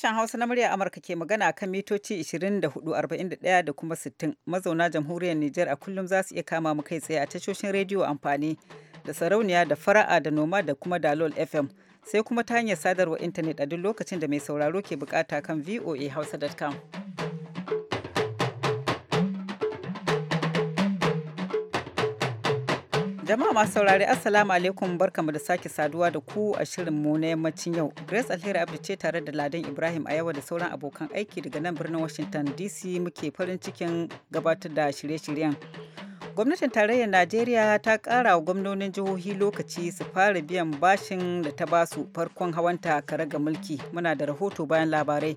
Sashen Hausa na murya Amurka ke magana kan mitoci 24,41 da kuma 60 mazauna jamhuriyar Nijar a kullum za su iya kama mu kai tsaye a tashoshin rediyo amfani da sarauniya da fara'a da noma da kuma dalol FM sai kuma ta hanyar sadarwa intanet a duk lokacin da mai sauraro ke bukata kan voahausa.com. Jama'a masu saurari Assalamu alaikum barkamu da sake saduwa da ku a shirin mu na yammacin yau. Grace Alheri Abdu ce tare da Ladan Ibrahim a yawa da sauran abokan aiki daga nan birnin Washington DC muke farin cikin gabatar da shirye-shiryen. Gwamnatin tarayyar Najeriya ta kara wa gwamnonin jihohi lokaci su fara biyan bashin da ta basu farkon hawanta kare ga mulki. Muna da rahoto bayan labarai.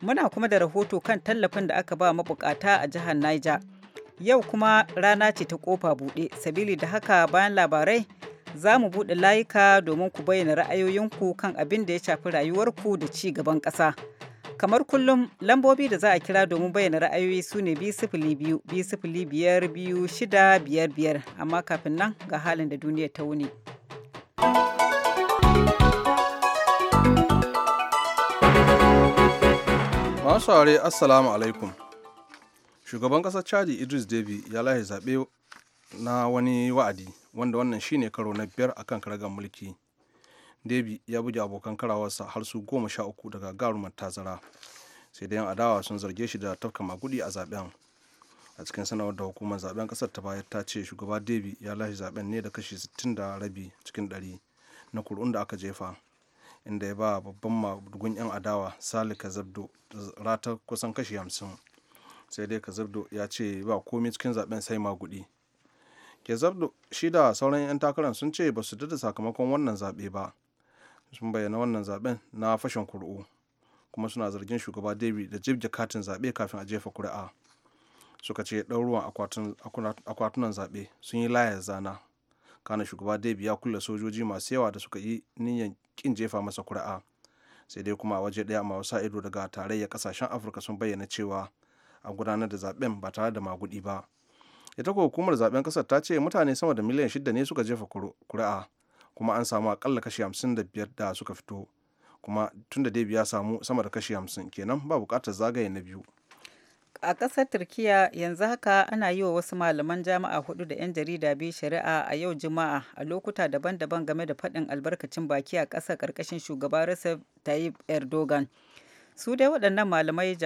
Muna kuma da rahoto kan tallafin da aka ba mabukata a jihar Niger. Yau kuma rana ce ta kofa buɗe, sabili da haka bayan labarai za mu buɗe layuka domin ku bayyana ra'ayoyinku kan abin da ya shafi rayuwarku da ci gaban ƙasa. Kamar kullum lambobi da za a kira domin bayyana ra'ayoyi su ne biyu biyar amma kafin nan ga halin da duniya ta wuni. Masu assalamu alaikum. shugaban ƙasar chadi idris debi ya laye zaɓe na wani wa'adi wanda wannan shine karo na biyar a akan karagar mulki debi ya buge abokan karawarsa har su goma sha uku daga garumar tazara sai dai adawa sun zarge shi da tafka magudi a zaɓen a cikin sanarwar da hukumar zaɓen kasar ta bayar ta ce shugaba debi ya lashe zaɓen ne da kashi 60 da rabi cikin ɗari na kur'un da aka jefa inda ya ba babban madugun yan adawa salika zabdo ratar kusan kashi hamsin. sai dai kazabdo ya ce ba komai cikin zaben sai magudi zabdo shi da sauran 'yan takarar sun ce ba su da sakamakon wannan zaɓe ba sun bayyana wannan zaben na fashin kuri'u kuma suna zargin shugaba david da jibge katin zaɓe kafin a jefa kuri'a suka ce ɗauruwan akwatunan zaɓe sun yi layar zana kana shugaba david ya kulle sojoji masu yawa da suka yi niyyar kin jefa masa kuri'a sai dai kuma a waje ɗaya masu ido daga tarayyar ƙasashen afirka sun bayyana cewa a gudanar da zaben ba tare da magudi ba ita ko hukumar zaben kasar ta ce mutane sama da miliyan shida ne suka jefa kuri'a kuma an samu akalla kashi hamsin da biyar da suka fito kuma tun da dabi ya samu sama da kashi hamsin kenan ba bukatar zagaye na biyu a ƙasar turkiya yanzu haka ana yi wa wasu malaman jami'a hudu da 'yan jarida biyu shari'a a yau juma'a a lokuta daban-daban game da faɗin albarkacin baki a ƙasar ƙarƙashin shugaba rasa tayyip erdogan su dai waɗannan malamai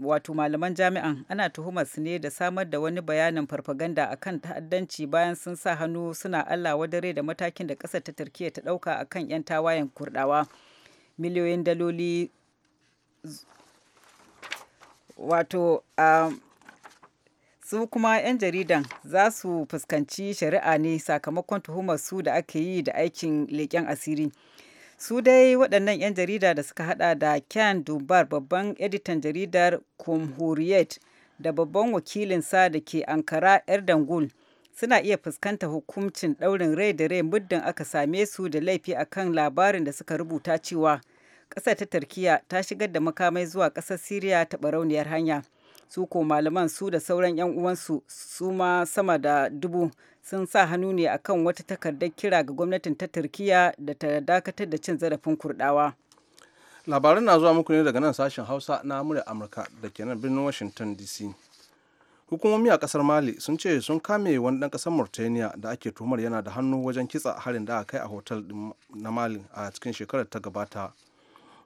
wato malaman jami'an ana tuhumar su ne da samar da wani bayanin farfaganda akan ta'addanci bayan sun sa hannu suna allah dare da matakin da ƙasar ta turkiyya ta ɗauka akan 'yan tawayen kurɗawa miliyoyin daloli wato ah, su kuma 'yan jaridan za su fuskanci shari'a ne sakamakon tuhumar su da ake yi da aikin leƙen asiri su dai waɗannan 'yan jarida da suka hada da kyan dubar babban editan jaridar kumhuriyet da babban wakilin sa da ke ankara dangul suna iya fuskanta hukuncin ɗaurin rai da rai muddin aka same su da laifi akan labarin da suka rubuta cewa ƙasa ta turkiya ta shigar da makamai zuwa ƙasar siriya ta barauniyar hanya su ko malaman su da sauran 'yan uwansu su ma sama da dubu sun sa hannu ne akan wata takardar kira ga gwamnatin ta turkiya da ta dakatar da cin zarafin kurdawa labaran na zuwa muku ne daga nan sashen hausa na murya amurka da ke birnin washington dc hukumomi a kasar mali sun ce sun kame wani dan kasar mauritania da ake tuhumar yana da hannu wajen kitsa harin da aka kai a hotel na mali a cikin shekarar ta gabata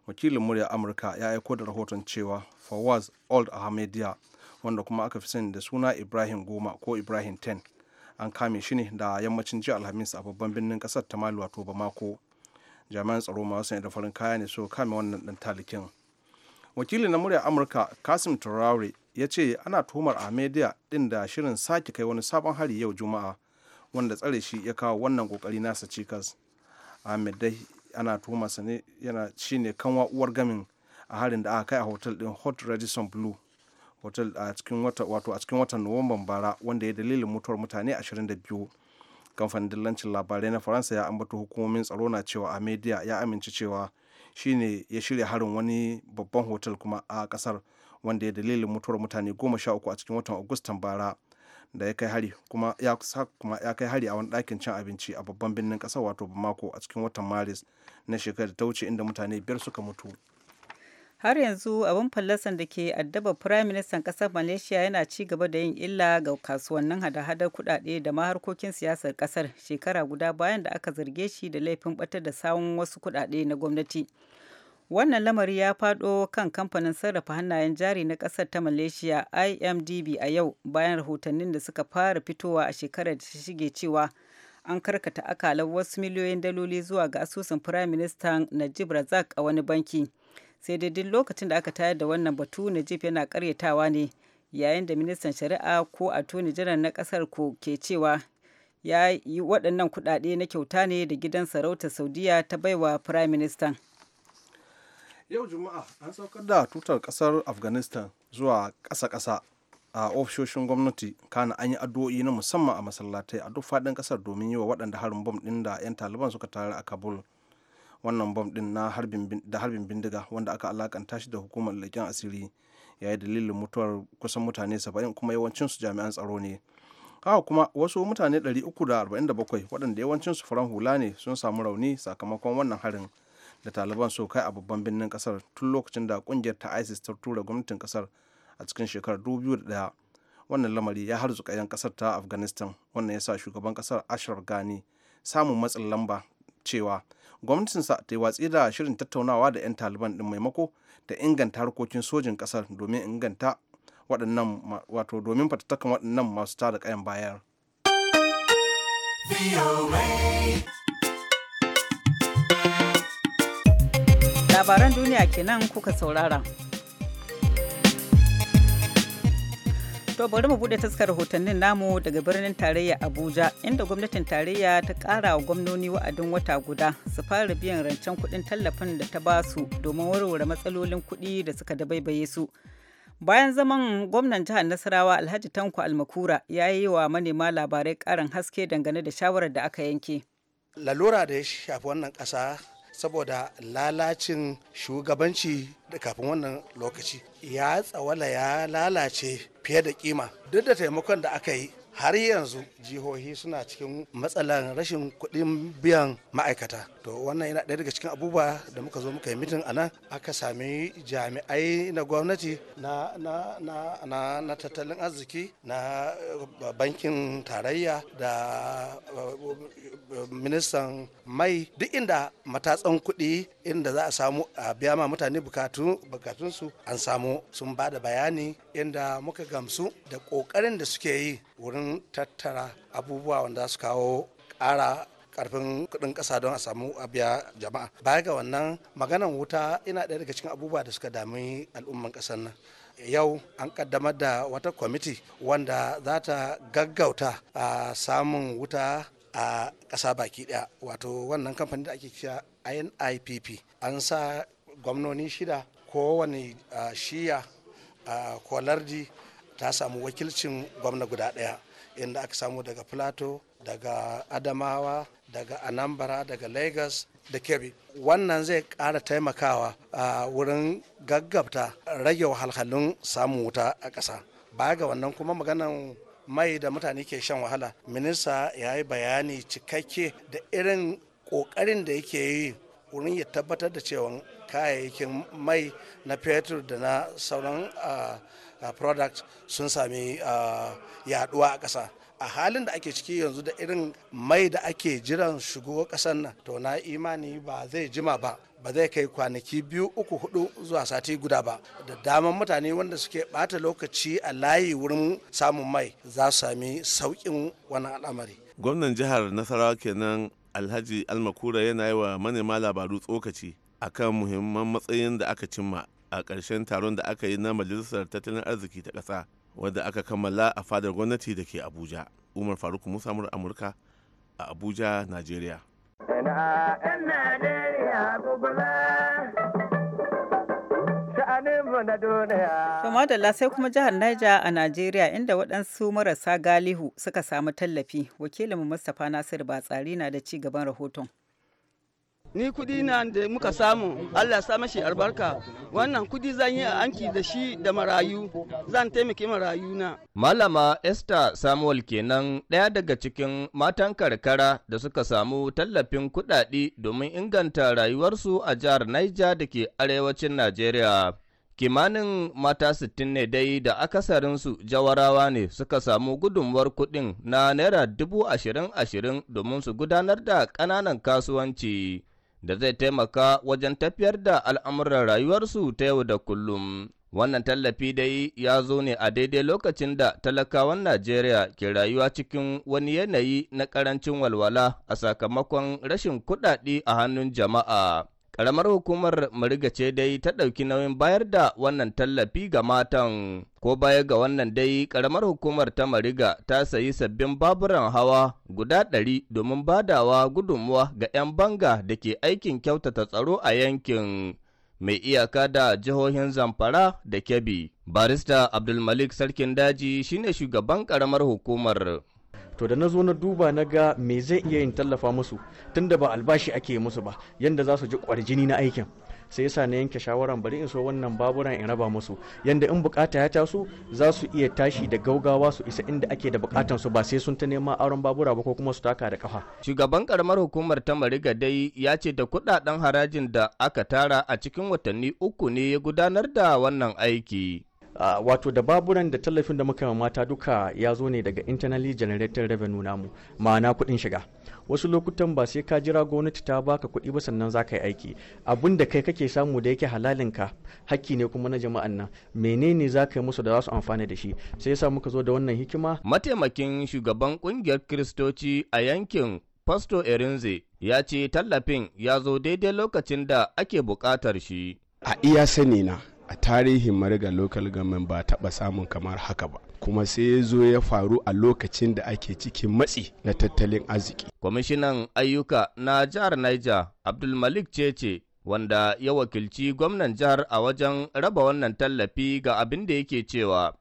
wakilin murya amurka ya aiko da rahoton cewa fawaz old ahmedia wanda kuma aka fi sani da suna ibrahim goma ko ibrahim ten an kame shi ne da yammacin jiya alhamis a babban birnin kasar ta mali wato bamako jami'an tsaro masu sanya da farin kaya ne so kame wannan dan talikin wakilin na murya amurka kasim turare ya ce ana tuhumar ahmedia din da shirin sake kai wani sabon hari yau juma'a wanda tsare shi ya kawo wannan kokari nasa cikas ahmed dai ana tuhuma sa ne yana shine kanwa uwar gamin a harin da aka kai a hotel din hot radisson blue hotel a cikin wata wato a cikin watan nuwamban bara wanda ya dalilin mutuwar mutane 22 kamfanin dillancin labarai na faransa ya ambata hukumomin tsaro na cewa a media ya amince cewa shi ne ya shirya harin wani babban hotel kuma a kasar wanda ya dalilin mutuwar mutane goma sha uku a cikin watan agustan bara da ya kai hari kuma ya kuma ya kai hari a wani ɗakin cin abinci a babban birnin ƙasar wato bamako a cikin watan maris na shekarar da ta wuce inda mutane biyar suka mutu har yanzu abin fallasan da ke addaba prime minister kasar malaysia yana ci gaba da yin illa ga kasuwannin hada-hadar kudade da ma harkokin siyasar kasar shekara guda bayan da aka zarge shi da laifin batar da sawun wasu kudade na gwamnati Wannan lamari ya faɗo kan kamfanin sarrafa hannayen jari na ƙasar ta Malaysia IMDB a yau bayan rahotannin da suka fara fitowa a shekarar da ta shige cewa an karkata akalar wasu miliyoyin daloli zuwa ga asusun Firayim Ministan Najib Razak a wani banki. Sai dai duk lokacin da aka tayar da wannan batu Najib yana karyatawa ne yayin da ministan shari'a ko a tuni jiran na ƙasar ko ke cewa ya yi waɗannan kuɗaɗe na kyauta ne da gidan sarauta Saudiya ta baiwa Firayim Ministan. yau juma'a an saukar da tutar kasar afghanistan zuwa ƙasa-ƙasa a ofishoshin gwamnati kana an yi addu'o'i na musamman a masallatai a duk faɗin ƙasar domin yi wa waɗanda harin bom ɗin da 'yan taliban suka tare a kabul wannan bom ɗin na da harbin bindiga wanda aka alakanta shi da hukumar leƙen asiri ya yi dalilin mutuwar kusan mutane 70 kuma yawancinsu jami'an tsaro ne haka kuma wasu mutane 347 waɗanda yawancinsu faran hula ne sun samu rauni sakamakon wannan harin da taliban su kai a babban birnin kasar tun lokacin da kungiyar ta isis ta tura gwamnatin kasar a cikin shekarar 2001 wannan lamari ya zuka 'yan kasar ta afghanistan wannan ya sa shugaban kasar ashraf gani samun matsin lamba cewa gwamnatinsa ta yi watsi da shirin tattaunawa da 'yan taliban din maimako ta inganta harkokin sojin kasar domin inganta waɗannan wato domin fatattakan waɗannan masu tada kayan bayar. labaran duniya kenan kuka saurara To bari mu bude taskar rahotannin namu daga birnin tarayya Abuja inda gwamnatin tarayya ta kara wa gwamnoni wa'adin wata guda su fara biyan rancen kudin tallafin da ta ba su domin warware matsalolin kudi da suka dabaibaye su. Bayan zaman gwamnan jihar Nasarawa Alhaji Tanko Almakura ya yi wa manema labarai karin haske dangane da shawarar da aka yanke. Lalura da ya shafi wannan ƙasa saboda lalacin shugabanci da kafin wannan lokaci ya tsawala ya lalace fiye da kima duk da taimakon da aka yi har yanzu jihohi suna cikin matsalar rashin kuɗin biyan ma'aikata to wannan yana ɗaya daga cikin abubuwa da muka zo muka yi mitin a nan aka sami jami'ai na gwamnati na, na, tattalin arziki na eh, bankin tarayya da eh, ministan mai duk inda matatsan kuɗi inda za a samu a biya ma mutane bukatunsu an samu sun ba da bayani inda muka gamsu da ƙoƙarin da suke yi wurin tattara abubuwa wanda su kawo ƙara karfin kudin kasa don a samu a jama'a baya ga wannan maganan wuta ina ɗaya daga cikin abubuwa da suka dami al'umman ƙasar nan yau an kaddamar da wata kwamiti wanda za ta gaggauta a samun wuta a ƙasa baki ɗaya wato wannan kamfanin da ake kira nipp an sa gwamnoni shida kowane shiya ko lardi ta samu wakilcin gwamna guda ɗaya inda aka samu daga plato daga adamawa daga anambra daga lagos da kebbi wannan zai ƙara taimakawa a wurin gaggabta rage wahalhalun samun wuta a ƙasa baya ga wannan kuma maganan mai da mutane ke shan wahala minista ya yi bayani cikakke da irin kokarin da yake yi wurin ya tabbatar da cewa kayayyakin mai na fetur da na sauran product sun sami yaduwa a ƙasa a halin da ake ciki yanzu da irin mai da ake jiran shigo ƙasar nan to na imani ba zai jima ba ba zai kai kwanaki biyu uku hudu zuwa sati guda ba da daman mutane wanda suke bata lokaci a layi wurin samun mai za su sami saukin wani al'amari gwamnan jihar nasarawa kenan alhaji almakura yana yi wa manema labaru tsokaci akan muhimman matsayin da aka cimma a ƙarshen taron da aka yi na majalisar tattalin arziki ta ƙasa wadda aka kammala a fadar gwamnati da ke abuja umar faruk musamman amurka a abuja nigeria duniya da sai kuma jihar Niger a Najeriya inda waɗansu marasa galihu suka samu tallafi wakilinmu Mustapha Nasir Batsari na da ci gaban rahoton. ni kudi na da muka samu allah sa mashi albarka wannan kudi zan yi anki da shi da marayu zan taimake marayu na malama esther samuel kenan ɗaya daga cikin matan karkara da suka samu tallafin kudade domin inganta rayuwarsu a jihar niger da ke arewacin najeriya kimanin mata 60 ne dai da akasarinsu jawarawa ne suka samu gudunmuwar kuɗi na naira dubu domin su gudanar da ƙananan kasuwanci da zai taimaka wajen tafiyar da al'amuran rayuwarsu ta yau da kullum. Wannan tallafi dai ya zo ne a daidai lokacin da talakawan Najeriya ke rayuwa cikin wani yanayi na ƙarancin walwala a sakamakon rashin kuɗaɗe a hannun jama'a. Ƙaramar hukumar Mariga ce dai ta ɗauki nauyin bayar da wannan tallafi ga matan. Ko baya ga wannan dai ƙaramar hukumar ta Mariga ta sayi sabbin baburan hawa guda ɗari domin badawa gudunmuwa ga 'yan banga da ke aikin kyautata tsaro a yankin. Mai iyaka da jihohin Zamfara da Kebbi. Barista Abdulmalik Sarkin Daji shine shugaban ƙaramar hukumar. to da na zo na duba na ga me zai iya yin tallafa musu tunda ba albashi ake musu ba yanda za su ji kwarjini na aikin sai yasa na yanke shawaran bari in so wannan baburan in raba musu yanda in bukata ya taso za su iya tashi da gaugawa su isa inda ake da bukatan su ba sai sun ta nema auren babura ba ko kuma su taka da kafa shugaban karamar hukumar ta mariga dai ya ce da kudaden harajin da aka tara a cikin watanni uku ne ya gudanar da wannan aiki Ah, wato da baburan da tallafin da muka mata duka ya zo ne daga internally generated revenue namu ma'ana kuɗin shiga wasu lokutan ba sai ka jira gwamnati ta baka kuɗi ba sannan za ka yi aiki abin da kai kake samu da yake halalin ka hakki ne kuma na jama'an nan menene za ka yi musu da za su amfana da shi sai ya sa muka zo da wannan hikima mataimakin shugaban kungiyar kristoci a yankin Pasto Erinze ya ce tallafin ya zo daidai lokacin da ake bukatar shi. A iya sani na a tarihin mariga local government ba taɓa samun kamar haka ba kuma sai ya zo ya faru a lokacin da ake cikin matsi na tattalin arziki. kwamishinan ayyuka na jihar niger abdulmalik cece wanda ya wakilci gwamnan jihar a wajen raba wannan tallafi ga abin da yake cewa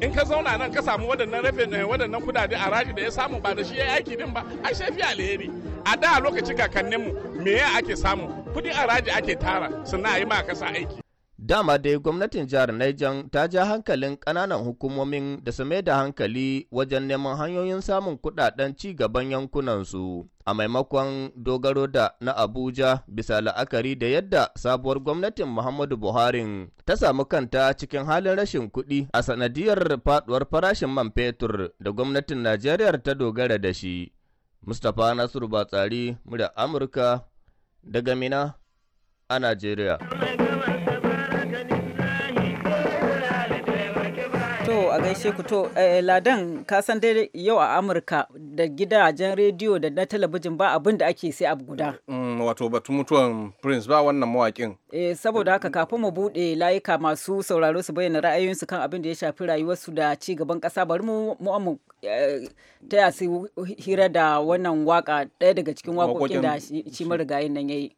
in ka zauna nan ka samu waɗannan rafe eh, waɗannan kudade a raji da ya samu ba da shi ya aiki din ba ai shafi alheri a da lokacin kakanninmu me ya ake samu kudi a raji ake tara sannan a yi ma kasa aiki Dama dai gwamnatin jihar Niger ta ja hankalin ƙananan hukumomin da su mai da hankali wajen neman hanyoyin samun kuɗaɗen ci gaban yankunansu a maimakon dogaro da na Abuja bisa la'akari da yadda sabuwar gwamnatin Muhammadu Buhari ta samu kanta cikin halin rashin kuɗi a sanadiyar faɗuwar farashin man fetur da gwamnatin Najeriya ta dogara da shi. Mustapha Nasiru Batsari, murya Amurka daga Mina a Najeriya. a gaishe ku to eh, ladan ka san dai yau a Amurka da gidajen rediyo da na talabijin ba abin da ake sai abu guda. Mm, wato batu mutuwan Prince ba wannan mawaƙin. Eh saboda haka kafin mu buɗe layuka masu sauraro su bayyana ra'ayoyinsu kan abin da ya shafi rayuwarsu da ci gaban ƙasa bari mu mu eh, ta yasi hira da wannan waka ɗaya daga cikin wakokin da shi marigayin nan yayi.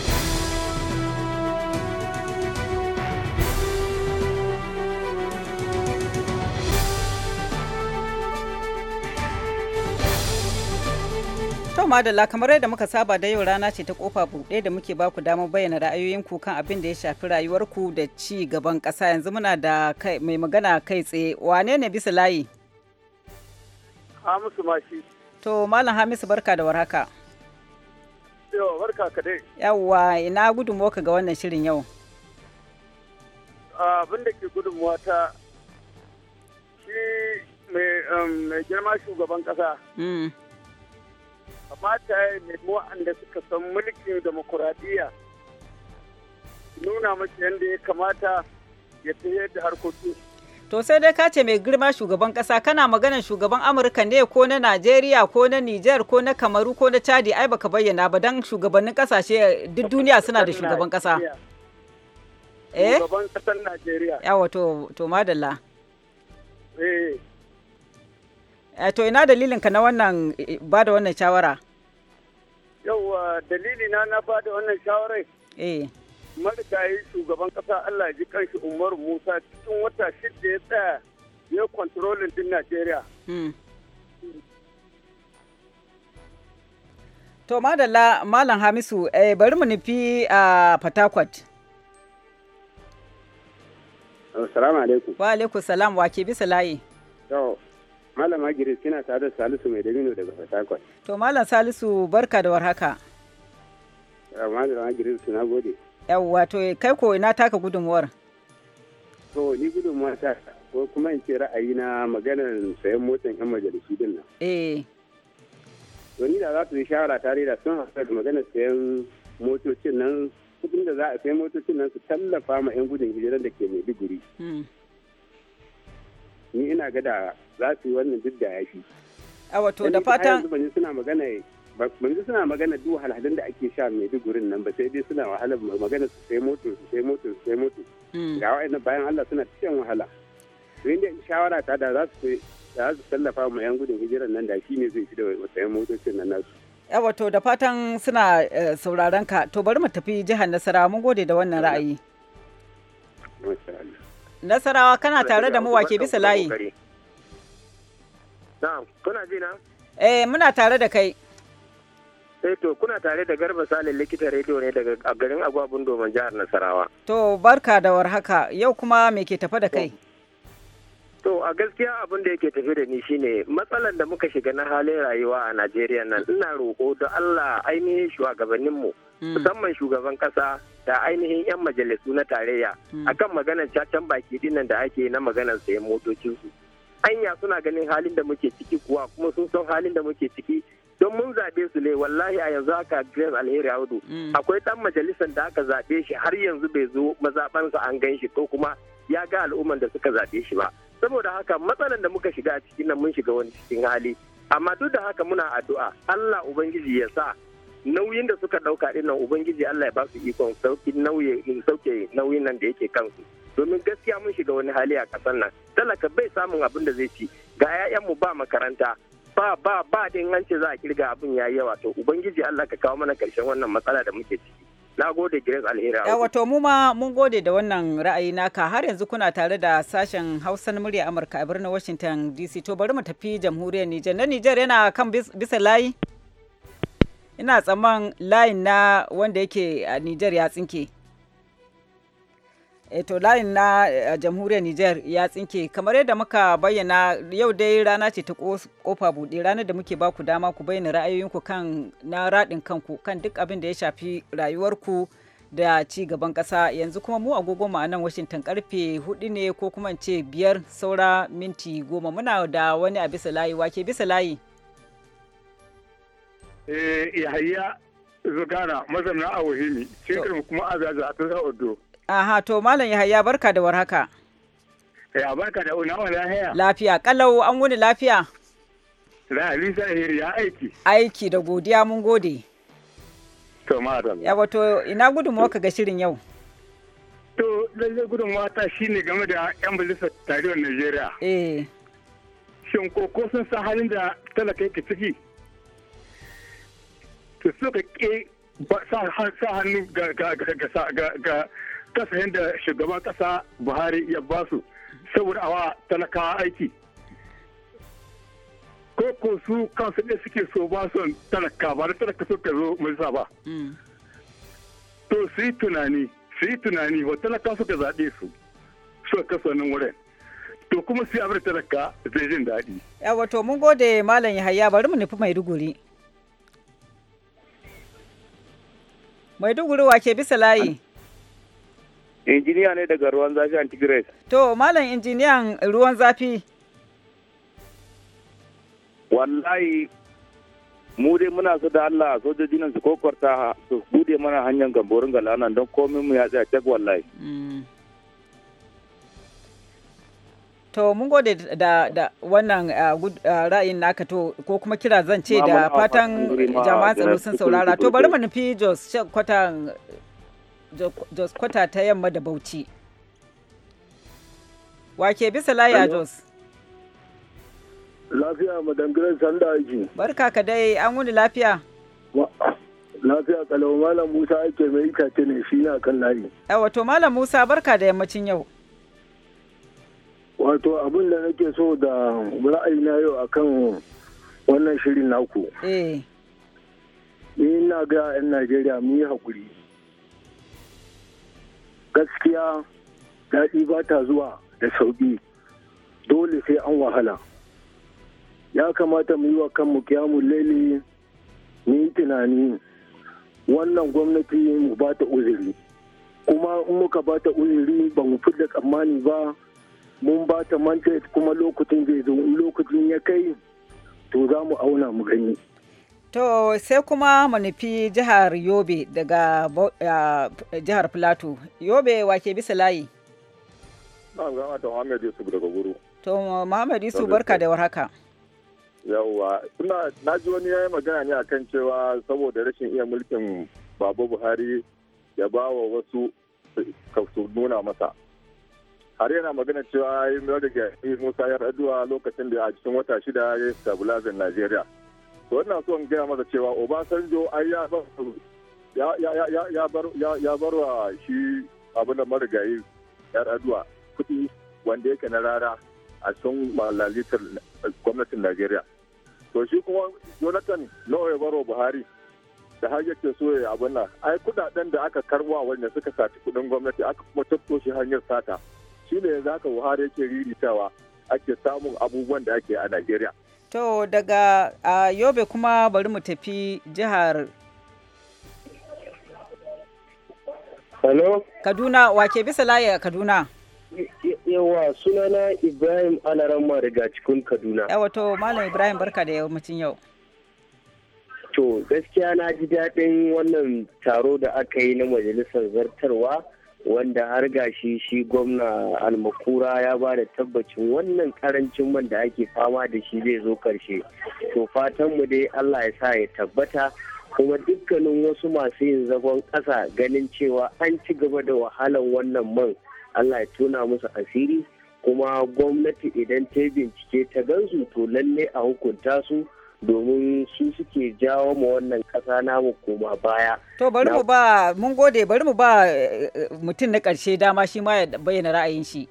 madalla kamar yadda muka saba da yau rana ce ta kofa buɗe da muke baku damar bayyana ra'ayoyinku kan abin da ya shafi rayuwarku da ci gaban ƙasa yanzu muna da mai magana kai tsaye wane ne bisa layi hamisu mashi to malam hamisu barka da warhaka yawa barka ka dai yawa ina gudunmuwa ka ga wannan shirin yau abin da ke gudunmuwa ta shi mai um, girma shugaban ƙasa mm. kamata ya waɗanda suka san mulkin demokuraɗiyya nuna mace yadda ya kamata ya tafiyar da harkoki. to sai dai ka ce mai girma shugaban kasa kana maganar shugaban amurka ne ko na najeriya ko na niger ko na kamaru ko na chadi ai baka bayyana ba don shugabannin kasashe duk duniya suna da shugaban kasa eh shugaban kasar najeriya yawa to to madalla eh Eh, to ina dalilinka na wannan eh, ba da wannan shawara? Yauwa dalilina na ba da wannan shawara Eh. marigayi shugaban kasa Allah ji kanshi Umaru Musa cikin wata shida ya tsaya ya kontrolin din Najeriya. Hmm. To madalla Malam Hamisu eh, bari mu nufi a Fatakwat. Assalamu alaikum. Wa alaikum salam wa ke bisa layi. Malama Giris kina tare da Salisu mai dabino daga Fatakwal. To Malam Salisu barka da warhaka. Ah, Malama Giris na gode. Yawwa to kai ko na taka gudunmuwar. To ni gudunmuwa ta ko kuma in ce ra'ayi na maganar sayan motan yan majalisu din nan. Eh. To ni da za su yi shawara tare da sun hasa da maganar sayan motocin nan kudin da za a sayi motocin nan su tallafa ma 'yan gudun hijirar da ke Maiduguri. Hmm. ni ina ga da za su yi wannan duk da ya fi a wato da fatan yanzu suna magana yanzu ji suna magana duk wahalhalun da ake sha mai gurin nan ba sai dai suna wahalar magana su sai moto su sai moto su sai moto hmm. ga wa'ina bayan Allah suna cikin wahala to inda shawara ta da za su da za su tallafa ma yan gudun hijiran nan da shi ne zai fi da wasayen motocin nan nasu yawa to da fatan suna eh, sauraron ka to bari mu tafi jihar Nasarawa mun gode da wannan ra'ayi masha Allah Nasarawa kana tare da mu wake bisa layi. kuna ji Eh, muna tare da kai. Eh to kuna tare da Garba Salin likita rediyo ne daga garin Agwabun Domin jihar Nasarawa. To barka da warhaka. Yau kuma me ke tafe da kai? To a gaskiya abin da yake tafi da ni shine matsalar da muka shiga na halin rayuwa a Najeriya nan ina roko da Allah ainihin shugabanninmu hmm. musamman shugaban ƙasa da ainihin 'yan majalisu na tarayya hmm. akan maganar cacan baki dinnan da ake na maganar sayan motocinsu anya suna ganin halin da muke ciki kuwa kuma sun san halin da muke ciki don mun zaɓe su ne wallahi a yanzu haka grace alheri audu hmm. akwai ɗan majalisar da aka zaɓe shi har yanzu bai zo mazaɓansa an gan shi ko kuma ya ga al'umman da suka zaɓe shi ba saboda haka matsalar da muka shiga a cikin nan mun shiga wani cikin hali amma duk da haka muna addu'a Allah ubangiji ya sa nauyin da suka ɗauka din nan ubangiji Allah ya ba su ikon sauki in sauke nauyin nan da yake kansu domin gaskiya mun shiga wani hali a kasar nan talaka bai samun abin da zai ci ga 'ya'yanmu ba makaranta ba ba ba din an ce za a kirga abin yayi yawa to ubangiji Allah ka kawo mana karshen wannan matsala da muke ciki na gode Grace Alheri yawa to mu ma mun gode da wannan ra'ayi naka har yanzu kuna tare da sashen hausan na murya Amurka a birnin Washington DC to bari mu tafi jamhuriyar Nijar na Nijar yana kan bisa layi ina tsaman layin na wanda yake a Nijar ya tsinke. Eh, to layin na eh, jamhuriyar Nijar ya tsinke kamar yadda muka bayyana yau dai rana ce ta kofa buɗe ranar da muke baku dama ku bayyana ra'ayoyinku kan na raɗin kanku kan duk abin da ya shafi rayuwarku da ci gaban ƙasa yanzu kuma mu agogo ma nan Washington karfe hudu ne ko kuma ce biyar saura minti goma muna da wani a bisa layi wake bisa layi. Eh, yahaya zugana mazamna a wahimi cikin kuma azaza a tasa odo aha to malam yahaya barka da warhaka ya barka da unawa lafiya lafiya kalau an wuni lafiya Lisa ya aiki. Aiki da godiya mun gode. To madam. Ya wato ina gudun ka ga shirin yau. To lallai gudunmawa ta shine game da 'yan majalisar tarihin Najeriya. Eh. Shin ko sun san halin da talaka yake ciki? to suka ke sa hannu ga kasa da shugaban kasa buhari ya ba su saboda awa talakawa aiki ko ko su kansu ne suke so ba son talaka ba da talaka so ka zo majalisa ba mm. to su yi tunani su yi tunani wa talaka suka zaɓe su suka kasa nan wurin to kuma su yi abin talaka zai jin daɗi. yawa to mun gode malam yahaya bari mu nufi maiduguri. Maiduguri wa ke bisa layi. Injiniya ne daga ruwan zafi Antigres. To, malam injiniyan ruwan zafi. Wallahi, mu dai muna so da Allah sojoji nan su kokwarta su bude mana hanyar gamborin galanan don komin mu ya tsaya cek wallahi. Mm. To mun gode da, wannan uh, uh, ra'ayin naka to ko kuma kira zan ce da fatan jama'an tsaro sun saurara. To bari mu nufi Jos kwata ta yamma da Bauchi. Wake bisa laya Jos. Lafiya madangiran sanda aiki. Barka ka dai an wuni lafiya. Lafiya kalau Malam Musa ake mai itace ne shi na kan layi. Yawa to Malam Musa barka da yammacin yau. wato abin da nake so da ra'ayina yau akan wannan shirin naku eh. ni na ga 'yan najeriya mu yi haƙuri gaskiya daɗi ba ta zuwa da sauƙi dole sai an wahala ya kamata mu yi wa kan mu laili mu yi tunani wannan gwamnati mu ba ta uzuri kuma in muka ba ta uzuri ba mu fi da tsammani ba mun ba ta mandate kuma lokacin zai zo lokacin ya kai to za mu auna mu gani to sai kuma mu jihar yobe daga jihar plateau yobe wake bisa layi na gama da muhammad yusuf daga guru to muhammad yusuf barka da warhaka yawwa kuna na ji wani ya yi magana ne akan cewa saboda rashin iya mulkin baba buhari ya ba wa wasu su nuna masa har yana magana cewa yi da musa ya raduwa lokacin da a cikin wata shida ya yi nigeria najeriya wannan so in gaya masa cewa obasanjo ai ya ya bar wa shi abin da marigayi yar aduwa kuɗi wanda yake na rara a cikin malalitar gwamnatin nigeria to shi kuma jonathan nawa baro buhari da har yake so ya abin nan ai kudaden da aka karwa wanda suka sati kudin gwamnati aka kuma tafko shi hanyar sata ne za ka buhari yake riritawa ake samun abubuwan da ake a najeriya to daga uh, yobe kuma bari mu tafi jihar Hello? Kaduna, wake bisa layi a Kaduna? Yawa sunana Ibrahim Alaramma daga cikin Kaduna. Yawa to Malam Ibrahim barka da yammacin yau. To gaskiya na ji daɗin wannan taro da aka yi na majalisar zartarwa wanda har gashi shi gwamna almakura ya ba da tabbacin wannan karancin man da ake fama da shi zai zo karshe to fatanmu dai allah ya sa ya tabbata kuma dukkanin wasu masu yin zagon ƙasa ganin cewa an ci gaba da wahalan wannan man allah ya tuna musu asiri kuma gwamnati idan ta bincike ta gansu to lalle a hukunta su domin su suke jawo ma wannan kasa namu koma baya. To bari mu ba mun gode bari mu ba eh, mutum na ƙarshe dama shi ma ya bayyana ra'ayin shi.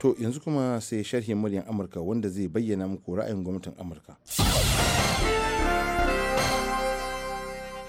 To yanzu kuma sai sharhin muryan Amurka wanda zai bayyana muku ra'ayin gwamnatin Amurka.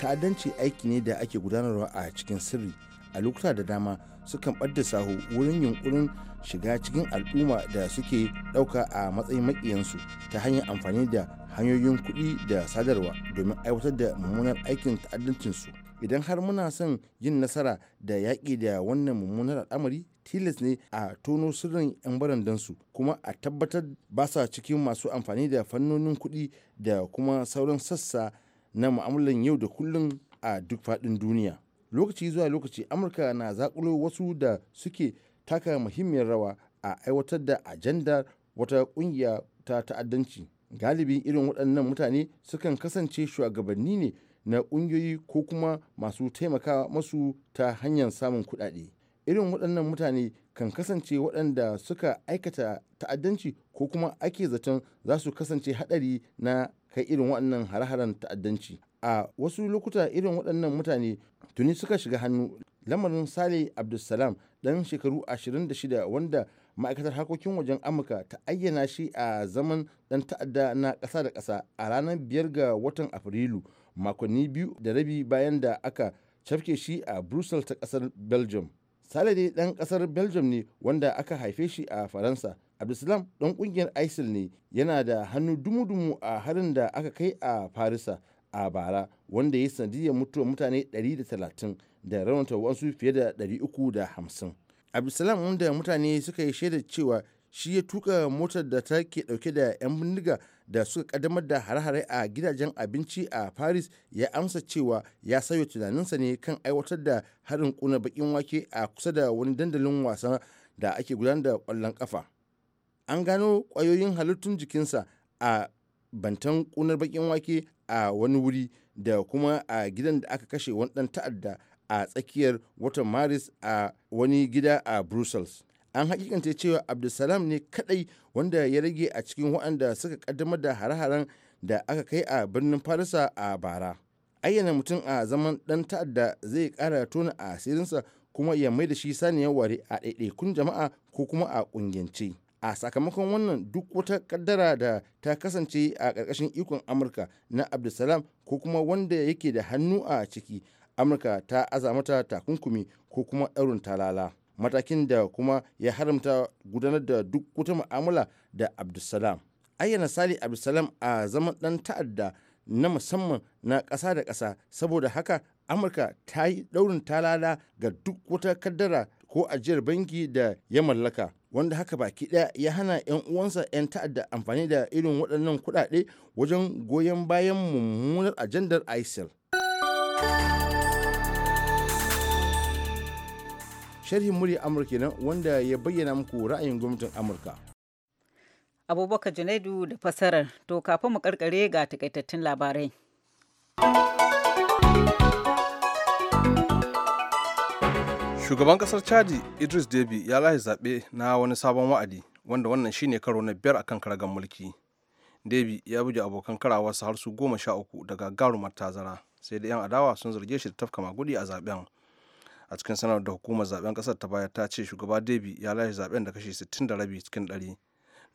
ta'addanci aiki ne da ake gudanarwa a cikin sirri a lokuta da dama sukan ɓadda sahu wurin yunkurin shiga cikin al'umma da suke ɗauka a matsayin maƙiyansu ta hanyar amfani da hanyoyin kuɗi da sadarwa domin aiwatar da mummunar aikin ta'addancinsu idan har muna son yin nasara da yaƙi da wannan mummunar al'amari tilas ne a tono sirrin 'yan barandansu kuma a tabbatar ba sa cikin masu amfani da fannonin kuɗi da kuma sauran sassa na mu'amalan yau da kullum a duk faɗin duniya lokaci zuwa lokaci amurka na zakulo wasu da suke taka muhimmiyar rawa a aiwatar da ajanda wata ƙungiya ta ta'addanci galibi irin waɗannan mutane sukan kasance shugabanni ne na ƙungiyoyi ko kuma masu taimaka masu ta hanyar samun kuɗaɗe irin waɗannan mutane kan kasance waɗanda suka aikata ta'addanci ko kuma ake zaton za su kasance haɗari na kai irin waɗannan har haren ta'addanci a wasu lokuta irin waɗannan mutane tuni suka shiga hannu lamarin sale abdulsalam ɗan shekaru 26 wanda ma'aikatar harkokin wajen amurka ta ayyana shi a zaman ɗan ta'adda na ƙasa da ƙasa a ranar biyar ga watan afrilu makonni biyu da rabi bayan da aka cafke shi a brussels ta ƙasar belgium sale ɗan ƙasar belgium ne wanda aka haife shi a faransa abdulsalam ɗan ƙungiyar isil ne yana da hannu dumu-dumu a harin da aka kai a farisa a bara wanda ya sanadiyar mutuwar mutane 130 da raunata wasu fiye da 350 abdulsalam wanda mutane suka yi shaida cewa shi ya tuka motar da ta ke dauke da 'yan bindiga da suka kaddamar da hare-hare a gidajen abinci a paris ya amsa cewa ya sauya tunaninsa ne kan aiwatar da harin kuna bakin wake a kusa da wani dandalin wasan da ake gudanar da kwallon kafa an gano kwayoyin halittun jikinsa a bantan kunar bakin wake a wani wuri da kuma a gidan da aka kashe wani dan ta'adda a tsakiyar watan maris a wani gida a brussels an hakikanta cewa abdulsalam ne kadai wanda ya rage a cikin waɗanda suka kaddamar da hare-haren da aka kai a birnin farisa a bara ayyana mutum a zaman dan ta'adda zai kara tona a asirinsa kuma ya mai da shi saniyar ware a ɗaiɗaikun jama'a ko kuma a ƙungiyance a sakamakon wannan duk wata kaddara da ta kasance a ƙarƙashin ikon amurka na abdulsalam ko kuma wanda yake da hannu a ciki amurka ta aza mata takunkumi ko kuma ɗaurin talala matakin da kuma ya haramta gudanar da duk wata mu'amala da abdulsalam ayyana sali abdulsalam a zaman dan ta'adda na musamman na ƙasa da ƙasa saboda haka amurka ta yi daurin talala ga duk wata kaddara ko ajiyar banki da ya mallaka wanda haka baki ɗaya ya hana 'yan uwansa 'yan ta'adda amfani da irin waɗannan kuɗaɗe wajen goyon bayan mummunar ajandar isil sharhin murya amurka nan wanda ya bayyana muku ra'ayin gwamnatin amurka abubakar junaidu da fasarar to kafin mu karkare ga takaitattun labarai shugaban kasar chadi idris debi ya lahi zaɓe na wani sabon wa'adi wanda wannan shine karo na biyar akan karagar mulki debi ya buge abokan karawarsa har su goma sha uku daga garumar tazara sai da 'yan adawa sun zarge shi da tafka magudi a zaɓen. a cikin sanar da hukumar zaben kasar ta bayar ta ce shugaba debi ya lashe zaben da kashi 60 da rabi cikin 100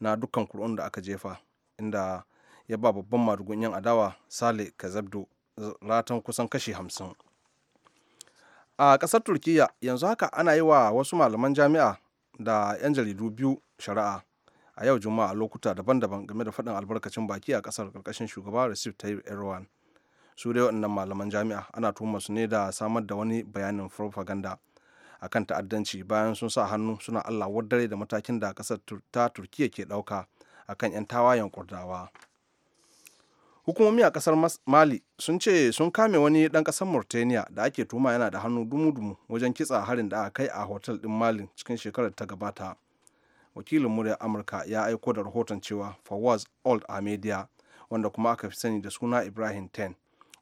na dukkan kur'un da aka jefa inda ya ba babban madugun yan adawa sale kazabdo ratan kusan kashi 50 a kasar turkiya yanzu haka ana yi wa wasu malaman jami'a da 'yan jaridu biyu shari'a a yau juma'a lokuta daban-daban game da faɗin albarkacin baki a ƙasar karkashin shugaba recep tayyip erdogan su dai waɗannan malaman jami'a ana tuhumar su ne da samar da wani bayanin farfaganda kan ta'addanci bayan sun sa hannu suna allah wadare da matakin da ƙasar ta turkiya ke ɗauka akan 'yan tawayen kurdawa hukumomi a ƙasar mali sun ce sun kame wani ɗan ƙasar mauritania da ake tuma yana da hannu dumu-dumu wajen kitsa harin da aka kai a hotel ɗin mali cikin shekarar ta gabata wakilin muryar amurka ya aiko da rahoton cewa fawaz old amedia wanda kuma aka fi sani da suna ibrahim ten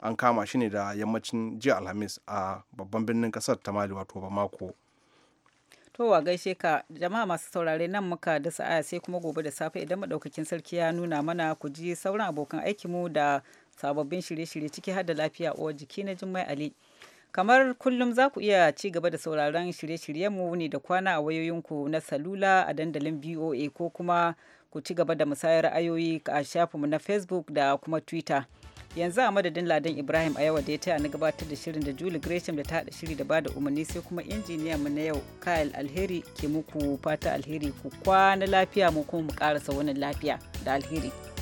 an kama shi ne da yammacin jiya alhamis a babban birnin kasar ta mali wato bamako to wa gaishe ka jama'a masu saurare nan muka da sa'a sai kuma gobe da safe idan madaukakin sarki ya nuna mana ku ji sauran abokan mu da sababbin shirye-shirye ciki har da lafiya uwar jiki na jimmai ali kamar kullum za ku iya ci gaba da sauraron shirye-shiryenmu ne da kwana a wayoyinku na salula a dandalin voa ko kuma ku ci gaba da musayar ra'ayoyi a shafinmu na facebook da kuma twitter yanzu a madadin ladan ibrahim a yau da ya taya na gabatar da shirin da juli gresham da ta haɗa shiri da bada umarni sai kuma injiniya mu na yau kyle alheri ke muku fata alheri ku kwana lafiya mu kuma mu karasa wani lafiya da alheri